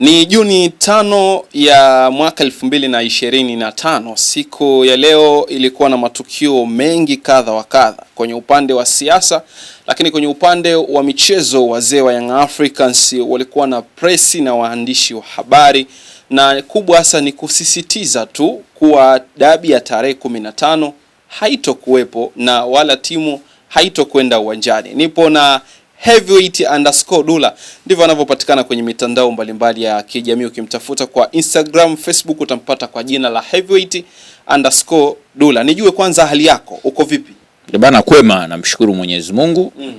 Ni Juni tano ya mwaka elfu mbili na ishirini na tano. Siku ya leo ilikuwa na matukio mengi kadha wa kadha kwenye upande wa siasa, lakini kwenye upande wa michezo wazee wa Young Africans walikuwa na presi na waandishi wa habari, na kubwa hasa ni kusisitiza tu kuwa dabi ya tarehe kumi na tano haitokuwepo na wala timu haitokwenda uwanjani. Nipo na Heavyweight underscore Dula, ndivyo anavyopatikana kwenye mitandao mbalimbali ya kijamii. Ukimtafuta kwa Instagram, Facebook utampata kwa jina la Heavyweight underscore Dula. Nijue kwanza hali yako, uko vipi? Bana, kwema, namshukuru Mwenyezi Mungu mm.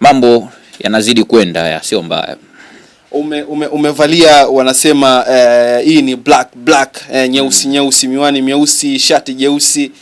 Mambo yanazidi kwenda ya sio mbaya. Ume, ume, umevalia wanasema eh, hii ni black black eh, nyeusi mm. nyeusi miwani meusi shati jeusi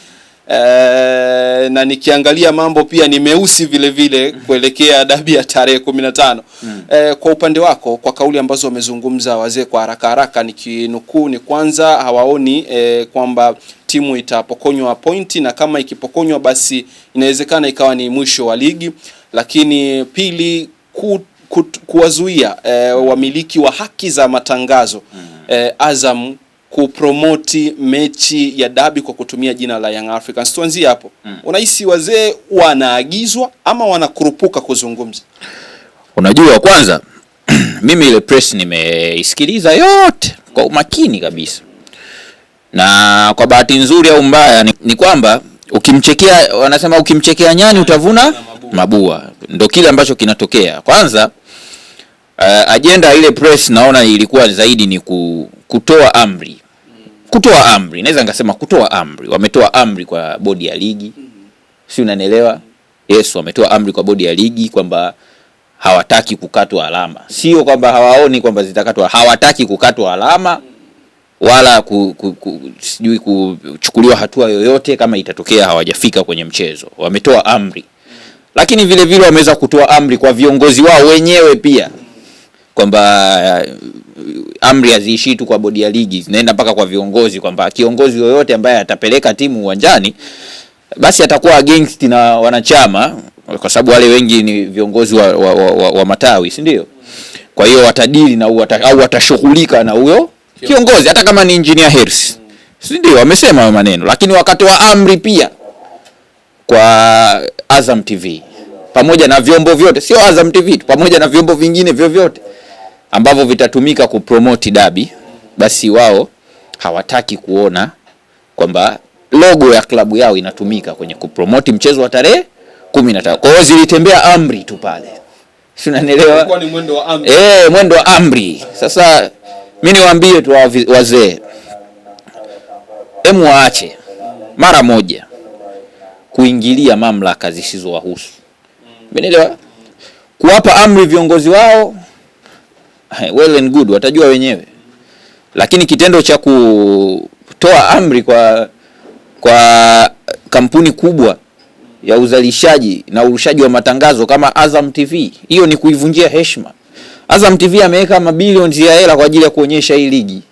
Eh, na nikiangalia mambo pia ni meusi vile vile mm. kuelekea dabi ya tarehe kumi na tano. Mm. E, kwa upande wako kwa kauli ambazo wamezungumza wazee kwa haraka haraka nikinukuu, ni kwanza hawaoni e, kwamba timu itapokonywa pointi na kama ikipokonywa basi inawezekana ikawa ni mwisho wa ligi, lakini pili ku, ku, kuwazuia e, wamiliki wa haki za matangazo e, Azam kupromoti mechi ya dabi kwa kutumia jina la Young Africans. Tuanzie hapo mm. Unahisi wazee wanaagizwa ama wanakurupuka kuzungumza? Unajua, kwanza mimi ile press nimeisikiliza yote kwa umakini kabisa, na kwa bahati nzuri au mbaya ni, ni kwamba ukimchekea, wanasema ukimchekea nyani utavuna mabua, ndio kile ambacho kinatokea. Kwanza uh, eh, ajenda ile press naona ilikuwa zaidi ni ku, kutoa amri kutoa amri, naweza nikasema kutoa amri. Wametoa amri kwa bodi ya ligi mm -hmm. si unanielewa? Yes, wametoa amri kwa bodi ya ligi kwamba hawataki kukatwa alama, sio kwamba hawaoni kwamba zitakatwa, hawataki kukatwa alama wala ku, ku, ku, sijui kuchukuliwa hatua yoyote kama itatokea hawajafika kwenye mchezo. Wametoa amri, lakini vile vile wameweza kutoa amri kwa viongozi wao wenyewe pia kwamba uh, amri haziishii tu kwa bodi ya ligi, zinaenda mpaka kwa viongozi, kwamba kiongozi yoyote ambaye atapeleka timu uwanjani basi atakuwa against na wanachama, kwa sababu wale wengi ni viongozi wa, wa, wa, wa, wa matawi, si ndio? Kwa hiyo watadili na wata, au watashughulika na huyo kiongozi, hata kama ni engineer Hersi, si ndio? Wamesema maneno, lakini wakatoa amri pia kwa Azam TV pamoja na vyombo vyote, sio Azam TV pamoja na vyombo vingine vyovyote ambavyo vitatumika kupromoti dabi, basi wao hawataki kuona kwamba logo ya klabu yao inatumika kwenye kupromoti mchezo wa tarehe kumi na Kwa hiyo zilitembea amri tu pale, si unanielewa? Eh, mwendo wa amri. Sasa mimi niwaambie tu wazee, hemu waache mara moja kuingilia mamlaka zisizowahusu, umeelewa? Kuwapa amri viongozi wao Eh, well and good, watajua wenyewe. Lakini kitendo cha kutoa amri kwa kwa kampuni kubwa ya uzalishaji na urushaji wa matangazo kama Azam TV, hiyo ni kuivunjia heshima. Azam TV ameweka mabilioni ya hela kwa ajili ya kuonyesha hii ligi,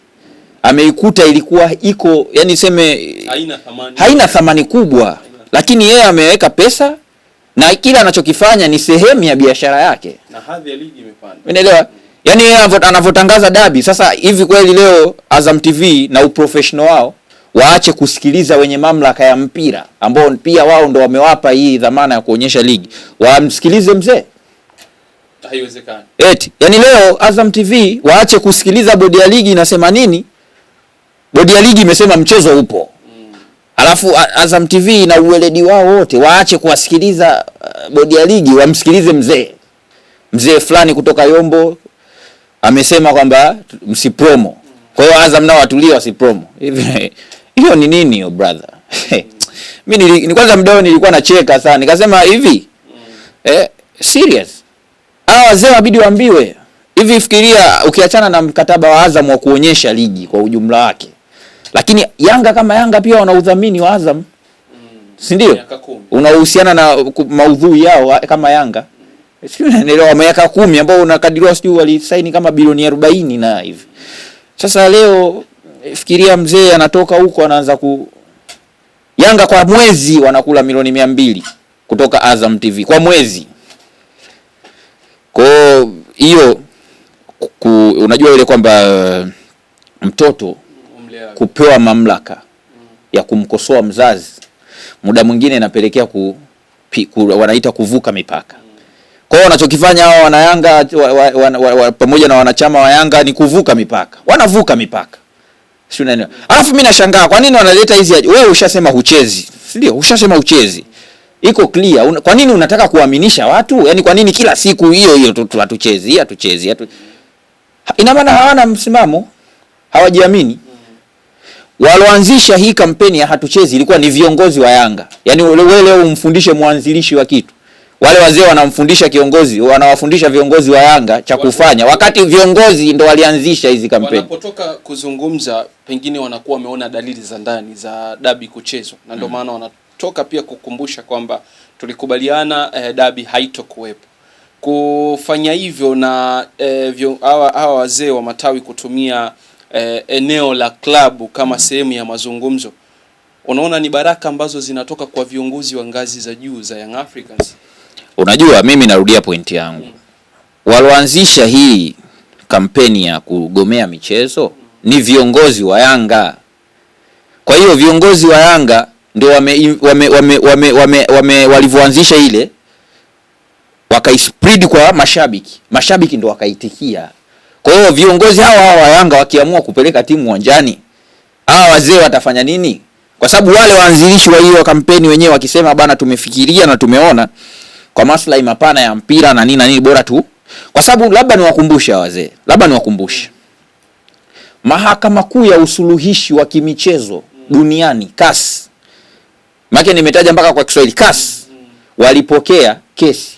ameikuta ilikuwa iko yani seme haina thamani, haina thamani kubwa haina. Lakini yeye ameweka pesa na kila anachokifanya ni sehemu ya biashara yake, na hadhi ya ligi imepanda, unaelewa? Yaani yeye anavyotangaza dabi sasa hivi kweli leo Azam TV na uprofessional wao waache kusikiliza wenye mamlaka ya mpira ambao pia wao ndo wamewapa hii dhamana ya kuonyesha ligi. Wamsikilize mzee. Haiwezekani. Eti, yani leo Azam TV waache kusikiliza bodi ya ligi inasema nini? Bodi ya ligi imesema mchezo upo. Mm. Alafu Azam TV na uweledi wao wote waache kuwasikiliza uh, bodi ya ligi, wamsikilize mzee. Mzee fulani kutoka Yombo amesema kwamba msipromo. Kwa hiyo Azam nao watulie wasipromo. Hivi hiyo ni nini yo oh, brother? mi ni ni kwanza mdao nilikuwa nacheka sana. Nikasema hivi eh, serious. Hawa wazee wabidi waambiwe. Hivi fikiria ukiachana na mkataba wa Azam wa kuonyesha ligi kwa ujumla wake. Lakini Yanga kama Yanga pia wana udhamini wa Azam. Mm. Si ndio? Unahusiana na maudhui yao eh, kama Yanga. Sijui unaelewa miaka kumi ambao unakadiriwa sijui walisaini kama bilioni arobaini na hivi. Sasa leo fikiria mzee anatoka huko anaanza ku Yanga kwa mwezi wanakula milioni mia mbili kutoka Azam TV kwa mwezi. Kwa hiyo unajua ile kwamba uh, mtoto kupewa mamlaka ya kumkosoa mzazi muda mwingine inapelekea ku, ku, wanaita kuvuka mipaka. Kwa hiyo wanachokifanya hao wanayanga wa, wa, wa, wa, pamoja na wanachama wa Yanga ni kuvuka mipaka, wanavuka mipaka sio nani. Alafu mimi nashangaa kwa nini wanaleta hizi. Wewe ushasema huchezi, si ndio? Ushasema huchezi, iko clear Una, kwa nini unataka kuaminisha watu? yaani kwa nini kila siku hiyo hiyo hatuchezi, hatuchezi, hatu ina maana hawana msimamo, hawajiamini. Walioanzisha hii kampeni ya hatuchezi ilikuwa ni viongozi wa Yanga. yaani wewe leo umfundishe mwanzilishi wa kitu wale wazee wanamfundisha kiongozi, wanawafundisha viongozi wa Yanga cha kufanya, wakati viongozi ndo walianzisha hizi kampeni. Wanapotoka kuzungumza, pengine wanakuwa wameona dalili za ndani za dabi kuchezwa, na ndio mm. maana hmm, wanatoka pia kukumbusha kwamba tulikubaliana eh, dabi haitokuwepo. Kufanya hivyo na eh, hawa eh, wazee wa matawi kutumia eh, eneo la klabu kama mm. sehemu ya mazungumzo, unaona ni baraka ambazo zinatoka kwa viongozi wa ngazi za juu za Young Africans. Unajua, mimi narudia pointi yangu, walioanzisha hii kampeni ya kugomea michezo ni viongozi wa Yanga. Kwa hiyo viongozi wa Yanga ndio wame, wame, wame, wame, wame, wame walivyoanzisha ile wakaispread kwa mashabiki, mashabiki ndio wakaitikia. Kwa hiyo viongozi hawa hawa wa Yanga wakiamua kupeleka timu uwanjani, hawa wazee watafanya nini? Kwa sababu wale waanzilishi wa hiyo kampeni wenyewe wakisema bana, tumefikiria na tumeona kwa maslahi mapana ya mpira na nini na nini, bora tu kwa sababu labda niwakumbushe wazee, labda niwakumbushe Mahakama Kuu ya usuluhishi wa kimichezo duniani kas maana nimetaja mpaka kwa Kiswahili kas walipokea kesi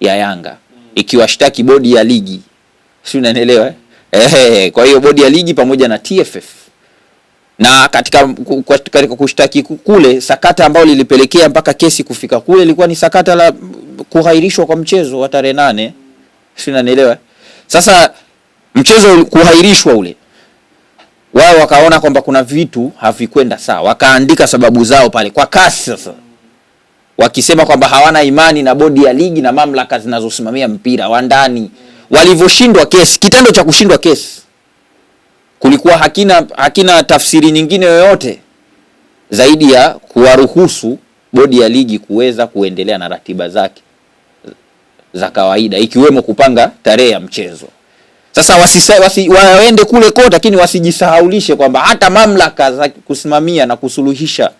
ya Yanga ikiwashtaki bodi ya ligi, si unanielewa Eh, kwa hiyo bodi ya ligi pamoja na TFF na katika, katika kushtaki kule sakata ambayo lilipelekea mpaka kesi kufika kule ilikuwa ni sakata la kuhairishwa kwa mchezo wa tarehe nane. Si unanielewa? Sasa mchezo kuhairishwa ule, wao wakaona kwamba kuna vitu havikwenda sawa, wakaandika sababu zao pale kwa kasi sasa, wakisema kwamba hawana imani na bodi ya ligi na mamlaka zinazosimamia mpira wa ndani walivyoshindwa kesi, kitendo cha kushindwa kesi kulikuwa hakina, hakina tafsiri nyingine yoyote zaidi ya kuwaruhusu bodi ya ligi kuweza kuendelea na ratiba zake za kawaida ikiwemo kupanga tarehe ya mchezo. Sasa wasisa, wasi, waende kule kote, lakini wasijisahaulishe kwamba hata mamlaka za kusimamia na kusuluhisha,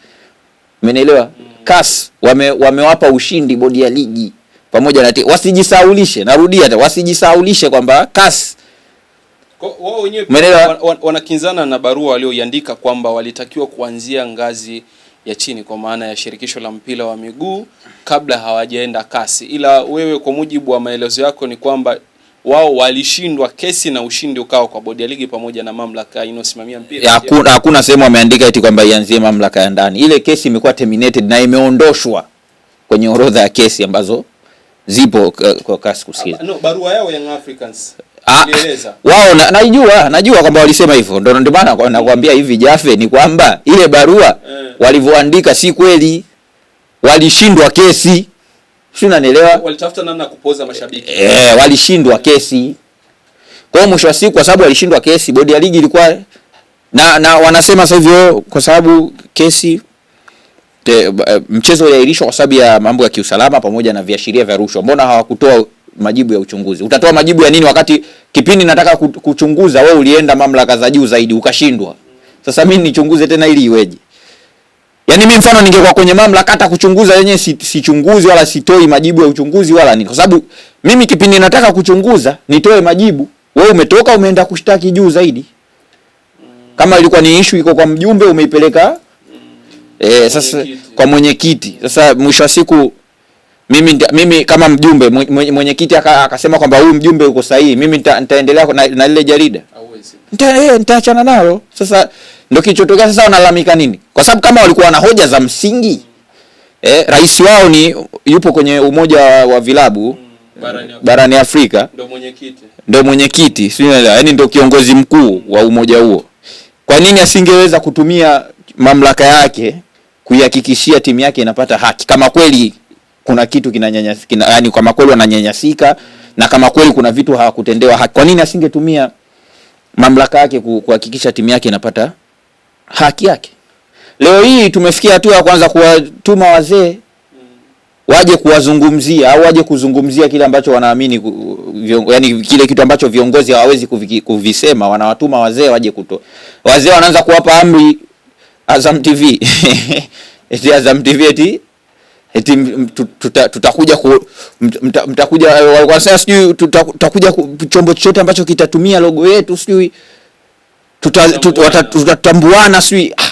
umeelewa, CAS wame, wamewapa ushindi bodi ya ligi pamoja na wasijisahaulishe, narudia wasijisahaulishe kwamba CAS wao wenyewe wanakinzana na barua walioiandika kwamba walitakiwa kuanzia ngazi ya chini kwa maana ya shirikisho la mpira wa miguu kabla hawajaenda kasi, ila wewe kwa mujibu wa maelezo yako ni kwamba wao walishindwa kesi na ushindi ukawa kwa bodi ya ligi pamoja na mamlaka inayosimamia mpira. Hakuna hakuna sehemu wameandika eti kwamba ianzie mamlaka ya ndani. Ile kesi imekuwa terminated na imeondoshwa kwenye orodha ya kesi ambazo zipo eh, kwa kasi kusikiza. Ah, no, barua yao Young Africans Ah, wao najua najua kwamba walisema hivyo, ndo ndio maana nakwambia hivi Jafe, ni kwamba ile barua eh. walivyoandika si kweli, walishindwa kesi, si unanielewa? Walitafuta namna ya kupoza mashabiki eh, walishindwa kesi. Kwa hiyo mwisho wa siku, kwa sababu walishindwa kesi, bodi ya ligi ilikuwa na, na wanasema sasa hivyo kwa sababu kesi te, mchezo uliahirishwa kwa sababu ya mambo ya kiusalama pamoja na viashiria vya rushwa. Mbona hawakutoa majibu ya uchunguzi. Utatoa majibu ya nini wakati kipindi nataka kuchunguza wewe ulienda mamlaka za juu zaidi ukashindwa? Sasa mimi nichunguze tena ili iweje? Yaani mimi mfano ningekuwa kwenye mamlaka hata kuchunguza yenyewe sichunguzi wala sitoi majibu ya uchunguzi wala nini. Kwa sababu mimi kipindi nataka kuchunguza nitoe majibu, wewe umetoka umeenda kushtaki juu zaidi. Kama ilikuwa ni issue iko kwa mjumbe umeipeleka eh, sasa kwa mwenyekiti. Sasa mwisho wa siku mimi, mimi kama mjumbe mwenyekiti akasema kwamba huyu mjumbe uko sahihi, mimi nitaendelea na, na lile jarida eh, nitaachana nita nalo. Sasa ndio kilichotokea. Sasa wanalalamika nini? Kwa sababu kama walikuwa na hoja za msingi eh, rais wao ni yupo kwenye umoja wa vilabu hmm, eh, barani barani Afrika. Ndio mwenyekiti ndio mwenyekiti, sio yaani, ndio kiongozi mkuu wa umoja huo. Kwa nini asingeweza kutumia mamlaka yake kuihakikishia timu yake inapata haki kama kweli kuna kitu kinanyanyasika yani kama kweli wananyanyasika na kama kweli kuna vitu hawakutendewa haki, kwa nini asingetumia mamlaka yake kuhakikisha timu yake inapata haki yake? Leo hii tumefikia hatua ya kwanza kuwatuma wazee waje kuwazungumzia au waje kuzungumzia kile ambacho wanaamini yani kile kitu ambacho viongozi hawawezi kuvisema, wanawatuma wazee waje kuto. Wazee wanaanza kuwapa amri Azam TV Azam TV eti eti tutakuja mtakuja eh, walikuwa sijui tutakuja chombo chochote ambacho kitatumia logo yetu sijui tutatambuana sijui ah,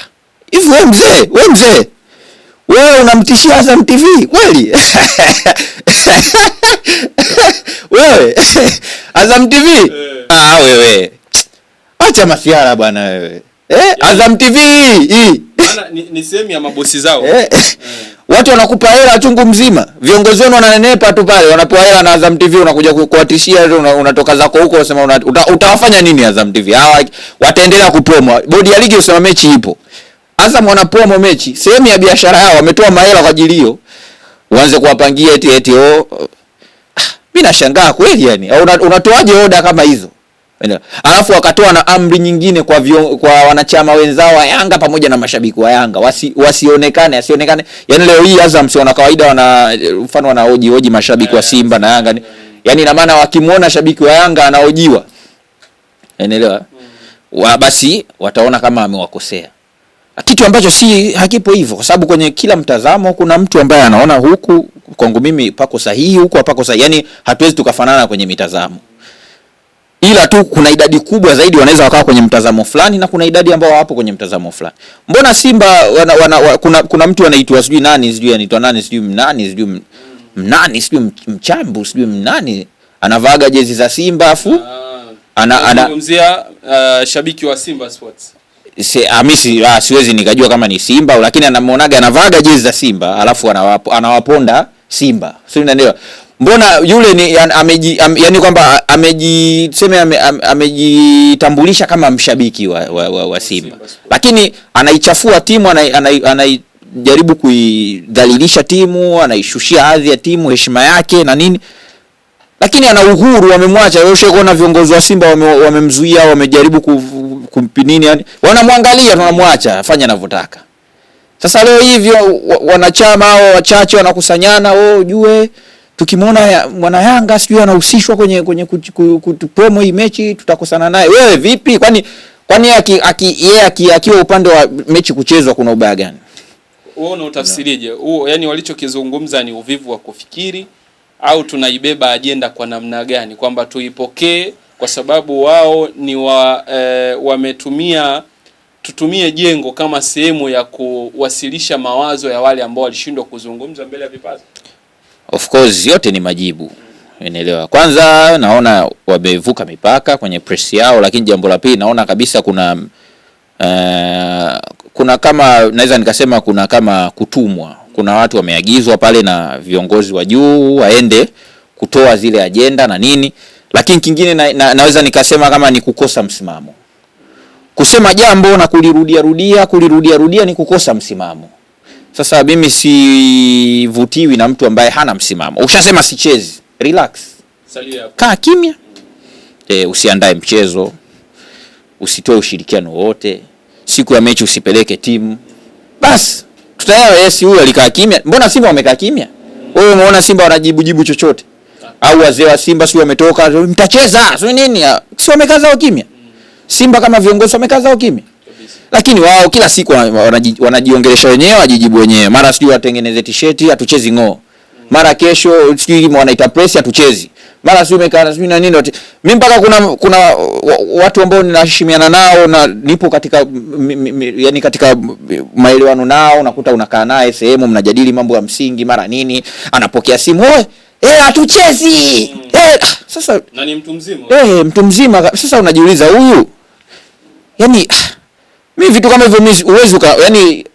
hivi. Wewe mzee, wewe mzee, wewe unamtishia Azam TV kweli? wewe Azam TV eh. ah, wewe acha masiara bwana wewe eh, yaani- Azam TV hii ni, ni sehemu ya mabosi zao eh. Watu wanakupa hela chungu mzima. Viongozi wenu wananenepa tu pale, wanapewa hela na Azam TV unakuja kuwatishia una, unatoka zako huko unasema una, uta, utawafanya nini Azam TV? Hawa wataendelea kupromo. Bodi ya ligi usema mechi ipo. Azam wana mechi. Sehemu ya biashara yao wametoa mahela kwa ajili hiyo. Uanze kuwapangia eti eti oh. Ah, mimi nashangaa kweli yani. Unatoaje una oda kama hizo? Alafu wakatoa na amri nyingine kwa vio, kwa wanachama wenzao wa Yanga pamoja na mashabiki wa Yanga wasi, wasionekane asionekane. Yani leo hii Azam si wana kawaida wana mfano wanaoji hoji mashabiki wa eh. Simba na Yanga. yani ina maana wakimwona shabiki wa Yanga anaojiwa. Unaelewa? Hmm. Wa basi wataona kama amewakosea. Kitu ambacho si hakipo hivyo kwa sababu kwenye kila mtazamo kuna mtu ambaye anaona huku kwangu mimi pako sahihi, huku hapako sahihi. Yani hatuwezi tukafanana kwenye mitazamo ila tu kuna idadi kubwa zaidi wanaweza wakawa kwenye mtazamo fulani na kuna idadi ambao hawapo kwenye mtazamo fulani. Mbona Simba wana, wana, wana, kuna, kuna mtu anaitwa sijui nani sijui anaitwa nani sijui mnani sijui mnani sijui mchambu sijui mnani anavaaga jezi za Simba afu ah, ana anamzungumzia uh, shabiki wa Simba Sports si, amisi ah, ah, siwezi nikajua kama ni Simba lakini anamwonaga anavaaga jezi za Simba alafu anawapo, anawaponda Simba sio, unanielewa? mbona yule ni yani, ameji, am, yani kwamba ameji tuseme ame, amejitambulisha kama mshabiki wa, wa, wa, wa Simba, lakini anaichafua timu anaijaribu anai, anai kuidhalilisha timu, anaishushia hadhi ya timu, heshima yake na nini, lakini ana uhuru, wamemwacha. Wewe ushaona viongozi wa Simba wamemzuia, wame wamejaribu kumpinini, yani wanamwangalia, tunamwacha afanye anavyotaka. Sasa leo hivyo wanachama hao wachache wanakusanyana, wewe oh, ujue tukimwona mwana Yanga sijui anahusishwa kwenye kwenye kutupromo hii mechi tutakosana naye. Wewe vipi? Kwani kwani yeye akiwa aki, akiwa upande wa mechi kuchezwa kuna ubaya gani? Wewe unautafsirije? No. yani walichokizungumza ni uvivu wa kufikiri au tunaibeba ajenda kwa namna gani, kwamba tuipokee kwa sababu wao ni wa e, wametumia tutumie jengo kama sehemu ya kuwasilisha mawazo ya wale ambao walishindwa kuzungumza mbele ya vipaza Of course yote ni majibu, unaelewa. Kwanza naona wamevuka mipaka kwenye press yao, lakini jambo la pili naona kabisa kuna uh, kuna kama naweza nikasema kuna kama kutumwa, kuna watu wameagizwa pale na viongozi wa juu waende kutoa zile ajenda na nini. Lakini kingine na, na, naweza nikasema kama ni kukosa msimamo, kusema jambo na kulirudia rudia kulirudia rudia ni kukosa msimamo. Sasa mimi sivutiwi na mtu ambaye hana msimamo. Ushasema sichezi, relax, kaa kimya e, usiandae mchezo, usitoe ushirikiano wowote, siku ya mechi usipeleke timu, basi tutaelewa. Yes, huyu alikaa kimya. Mbona Simba wamekaa kimya? Wewe umeona Simba wanajibu jibu chochote? Au wazee wa Simba si wametoka, mtacheza si nini? Si wamekaa zao kimya? Simba kama viongozi wamekaa zao kimya? lakini wao kila siku wanaji, wanajiongelesha wenyewe, wajijibu wenyewe, mara sijui watengeneze tisheti hatuchezi ng'oo, mara kesho sijui wanaita press hatuchezi, mara sijui umekaa sijui na nini. Mimi mpaka kuna kuna watu ambao ninaheshimiana nao na nipo katika yaani katika maelewano nao, nakuta unakaa naye sehemu mnajadili mambo ya msingi, mara nini, anapokea simu wewe Eh, hatuchezi. Mm. Eh, ah, sasa na ni mtu mzima. Eh, mtu mzima. Sasa unajiuliza huyu. Yaani ah, mimi vitu kama hivyo mimi uwezi uka yani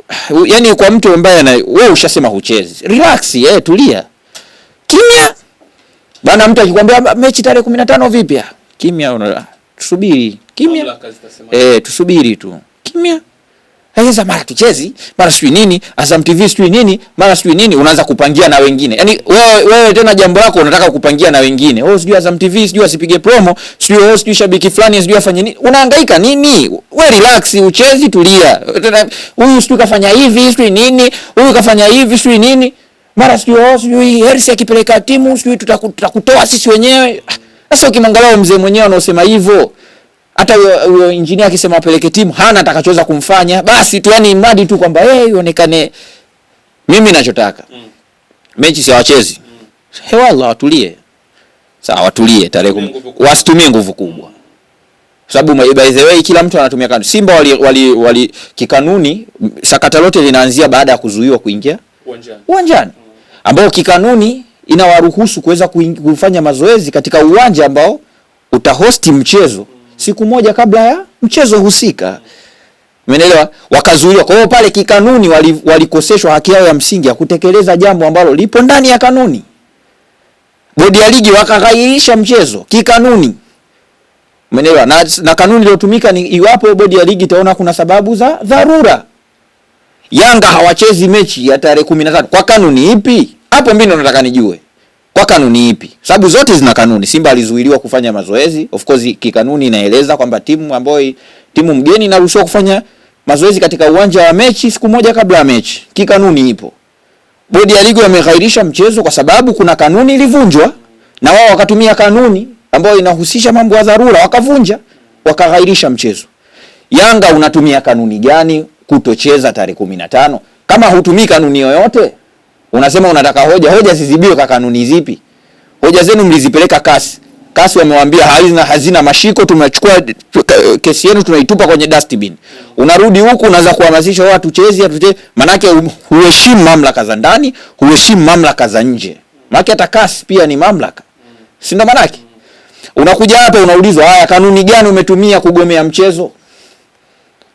yani kwa mtu ambaye ana wewe ushasema huchezi. Relax eh, tulia. Kimya. Bana mtu akikwambia mechi tarehe 15 vipi? Kimya una tusubiri. Kimya. Eh, tusubiri tu. Kimya. Sasa mara tuchezi, mara sijui nini, Azam TV sijui nini, mara sijui nini, unaanza kupangia na wengine. yani wewe wewe tena jambo lako unataka kupangia na wengine. Wewe oh, sijui Azam TV, sijui asipige promo, sijui wewe oh, sijui shabiki fulani, sijui afanye nini. Unahangaika nini? we relax, uchezi, tulia. tena Huyu sijui kafanya hivi, sijui nini, huyu kafanya hivi, sijui nini. Mara sijui wewe oh, sijui Hersi akipeleka timu, sijui tutakutoa sisi wenyewe. Ah, sasa ukimwangalia mzee mwenyewe anaosema hivyo, hata huyo injinia akisema apeleke timu hana atakachoweza kumfanya, basi tu yani mradi tu kwamba yeye hey, ionekane. Mimi ninachotaka mm. mechi si wachezi mm. he wala watulie, sawa, watulie tarehe kum... wasitumie nguvu kubwa, sababu by the way kila mtu anatumia kanu. Simba wali, wali, wali kikanuni, sakata lote linaanzia baada ya kuzuiwa kuingia uwanjani uwanjani mm. ambao kikanuni inawaruhusu kuweza kufanya mazoezi katika uwanja ambao utahosti mchezo mm siku moja kabla ya mchezo husika. Umeelewa? Wakazuiwa. Kwa hiyo pale kikanuni walikoseshwa haki yao ya msingi ya kutekeleza jambo ambalo lipo ndani ya kanuni. Bodi ya ligi wakagairisha mchezo kikanuni. Umeelewa? Na, na kanuni iliyotumika ni iwapo bodi ya ligi itaona kuna sababu za dharura. Yanga hawachezi mechi ya tarehe 13 kwa kanuni ipi? Hapo mimi ndo nataka nijue kwa kanuni ipi? Sababu zote zina kanuni. Simba alizuiliwa kufanya mazoezi, of course kikanuni inaeleza kwamba timu ambayo timu mgeni inaruhusiwa kufanya mazoezi katika uwanja wa mechi siku moja kabla ya mechi, kikanuni ipo. Bodi ya ligi wameghairisha mchezo kwa sababu kuna kanuni ilivunjwa, na wao wakatumia kanuni ambayo inahusisha mambo ya dharura, wakavunja wakaghairisha mchezo. Yanga unatumia kanuni gani kutocheza tarehe 15 kama hutumii kanuni yoyote? Unasema unataka hoja, hoja zizibiwe kwa kanuni zipi? Hoja zenu mlizipeleka kasi. Kasi wamewambia hazina hazina mashiko, tumechukua kesi yenu tunaitupa kwenye dustbin. Unarudi huku unaanza kuhamasisha watu chezi atute, manake um, huheshimu mamlaka za ndani, huheshimu mamlaka za nje. Manake hata kasi pia ni mamlaka. Si ndo manake? Unakuja hapa unaulizwa, haya kanuni gani umetumia kugomea mchezo?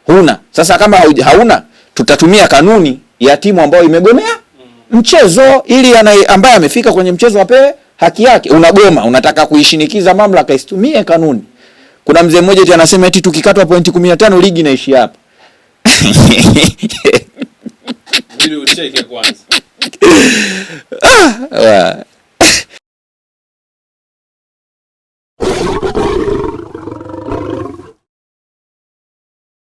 Huna. Sasa kama hauna, tutatumia kanuni ya timu ambayo imegomea mchezo ili ambaye amefika kwenye mchezo apewe haki yake. Unagoma, unataka kuishinikiza mamlaka isitumie kanuni. Kuna mzee mmoja tena anasema eti tukikatwa pointi 15 ligi inaishi hapa. Ili ucheke kwanza. Ah,